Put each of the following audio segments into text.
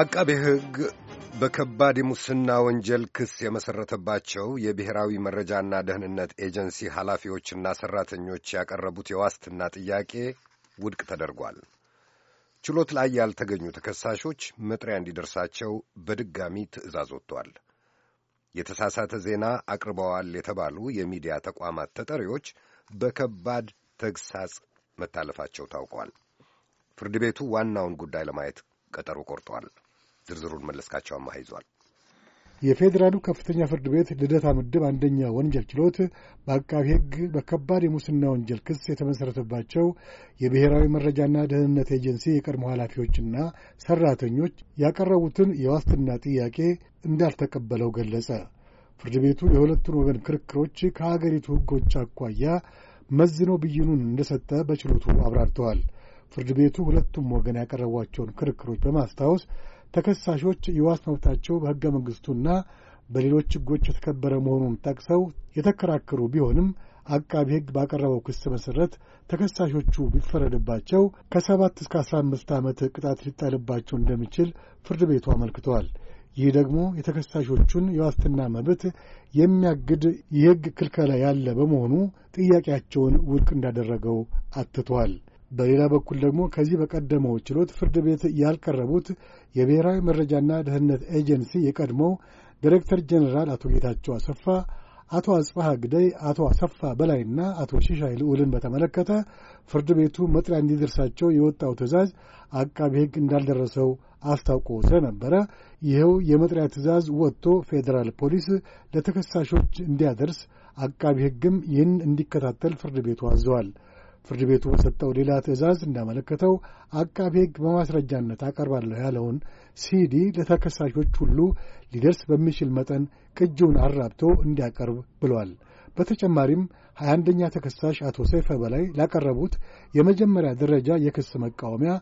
አቃቤ ሕግ በከባድ የሙስና ወንጀል ክስ የመሠረተባቸው የብሔራዊ መረጃና ደህንነት ኤጀንሲ ኃላፊዎችና ሠራተኞች ያቀረቡት የዋስትና ጥያቄ ውድቅ ተደርጓል። ችሎት ላይ ያልተገኙ ተከሳሾች መጥሪያ እንዲደርሳቸው በድጋሚ ትዕዛዝ ወጥቷል። የተሳሳተ ዜና አቅርበዋል የተባሉ የሚዲያ ተቋማት ተጠሪዎች በከባድ ተግሳጽ መታለፋቸው ታውቋል። ፍርድ ቤቱ ዋናውን ጉዳይ ለማየት ቀጠሮ ቆርጠዋል። ዝርዝሩን መለስካቸው አማሃ ይዟል። የፌዴራሉ ከፍተኛ ፍርድ ቤት ልደታ ምድብ አንደኛ ወንጀል ችሎት በአቃቢ ሕግ በከባድ የሙስና ወንጀል ክስ የተመሠረተባቸው የብሔራዊ መረጃና ደህንነት ኤጀንሲ የቀድሞ ኃላፊዎችና ሠራተኞች ያቀረቡትን የዋስትና ጥያቄ እንዳልተቀበለው ገለጸ። ፍርድ ቤቱ የሁለቱን ወገን ክርክሮች ከአገሪቱ ሕጎች አኳያ መዝኖ ብይኑን እንደሰጠ በችሎቱ አብራርተዋል። ፍርድ ቤቱ ሁለቱም ወገን ያቀረቧቸውን ክርክሮች በማስታወስ ተከሳሾች የዋስ መብታቸው በሕገ መንግሥቱና በሌሎች ሕጎች የተከበረ መሆኑን ጠቅሰው የተከራከሩ ቢሆንም አቃቢ ሕግ ባቀረበው ክስ መሠረት ተከሳሾቹ ቢፈረድባቸው ከሰባት እስከ አስራ አምስት ዓመት ቅጣት ሊጣልባቸው እንደሚችል ፍርድ ቤቱ አመልክተዋል። ይህ ደግሞ የተከሳሾቹን የዋስትና መብት የሚያግድ የሕግ ክልከላ ያለ በመሆኑ ጥያቄያቸውን ውድቅ እንዳደረገው አትቷል። በሌላ በኩል ደግሞ ከዚህ በቀደመው ችሎት ፍርድ ቤት ያልቀረቡት የብሔራዊ መረጃና ደህንነት ኤጀንሲ የቀድሞ ዲሬክተር ጀኔራል አቶ ጌታቸው አሰፋ፣ አቶ አጽበሃ ግደይ፣ አቶ አሰፋ በላይና አቶ ሽሻይ ልዑልን በተመለከተ ፍርድ ቤቱ መጥሪያ እንዲደርሳቸው የወጣው ትዕዛዝ አቃቢ ሕግ እንዳልደረሰው አስታውቆ ስለነበረ ይኸው የመጥሪያ ትዕዛዝ ወጥቶ ፌዴራል ፖሊስ ለተከሳሾች እንዲያደርስ አቃቢ ሕግም ይህን እንዲከታተል ፍርድ ቤቱ አዘዋል። ፍርድ ቤቱ በሰጠው ሌላ ትዕዛዝ እንዳመለከተው አቃቤ ሕግ በማስረጃነት አቀርባለሁ ያለውን ሲዲ ለተከሳሾች ሁሉ ሊደርስ በሚችል መጠን ቅጂውን አራብቶ እንዲያቀርብ ብሏል። በተጨማሪም ሀያ አንደኛ ተከሳሽ አቶ ሰይፈ በላይ ላቀረቡት የመጀመሪያ ደረጃ የክስ መቃወሚያ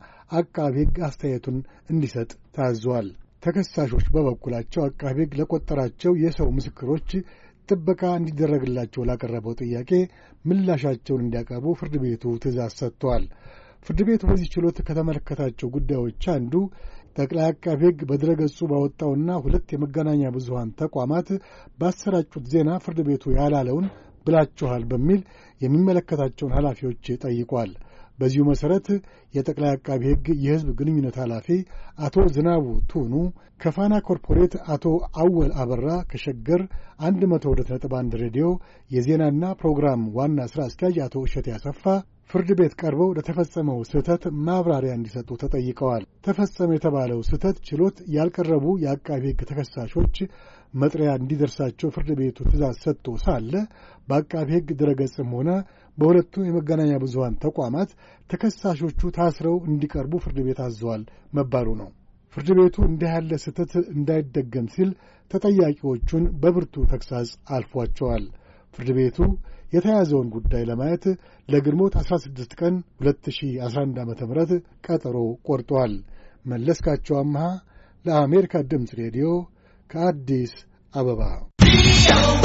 አቃቤ ሕግ አስተያየቱን እንዲሰጥ ታዟል። ተከሳሾች በበኩላቸው አቃቤ ሕግ ለቆጠራቸው የሰው ምስክሮች ጥበቃ እንዲደረግላቸው ላቀረበው ጥያቄ ምላሻቸውን እንዲያቀርቡ ፍርድ ቤቱ ትእዛዝ ሰጥቷል። ፍርድ ቤቱ በዚህ ችሎት ከተመለከታቸው ጉዳዮች አንዱ ጠቅላይ አቃቤ ሕግ በድረገጹ ባወጣውና ሁለት የመገናኛ ብዙሃን ተቋማት ባሰራጩት ዜና ፍርድ ቤቱ ያላለውን ብላችኋል በሚል የሚመለከታቸውን ኃላፊዎች ጠይቋል። በዚሁ መሠረት የጠቅላይ አቃቢ ሕግ የሕዝብ ግንኙነት ኃላፊ አቶ ዝናቡ ቱኑ ከፋና ኮርፖሬት አቶ አወል አበራ ከሸገር 102.1 ሬዲዮ የዜናና ፕሮግራም ዋና ሥራ አስኪያጅ አቶ እሸት ያሰፋ ፍርድ ቤት ቀርበው ለተፈጸመው ስህተት ማብራሪያ እንዲሰጡ ተጠይቀዋል። ተፈጸመ የተባለው ስህተት ችሎት ያልቀረቡ የአቃቢ ሕግ ተከሳሾች መጥሪያ እንዲደርሳቸው ፍርድ ቤቱ ትእዛዝ ሰጥቶ ሳለ በአቃቢ ሕግ ድረገጽም ሆነ በሁለቱም የመገናኛ ብዙሀን ተቋማት ተከሳሾቹ ታስረው እንዲቀርቡ ፍርድ ቤት አዘዋል መባሉ ነው። ፍርድ ቤቱ እንዲህ ያለ ስህተት እንዳይደገም ሲል ተጠያቂዎቹን በብርቱ ተግሳጽ አልፏቸዋል። ፍርድ ቤቱ የተያዘውን ጉዳይ ለማየት ለግንቦት 16 ቀን 2011 ዓ ም ቀጠሮ ቆርጧል። መለስካቸው አምሃ ለአሜሪካ ድምፅ ሬዲዮ ከአዲስ አበባ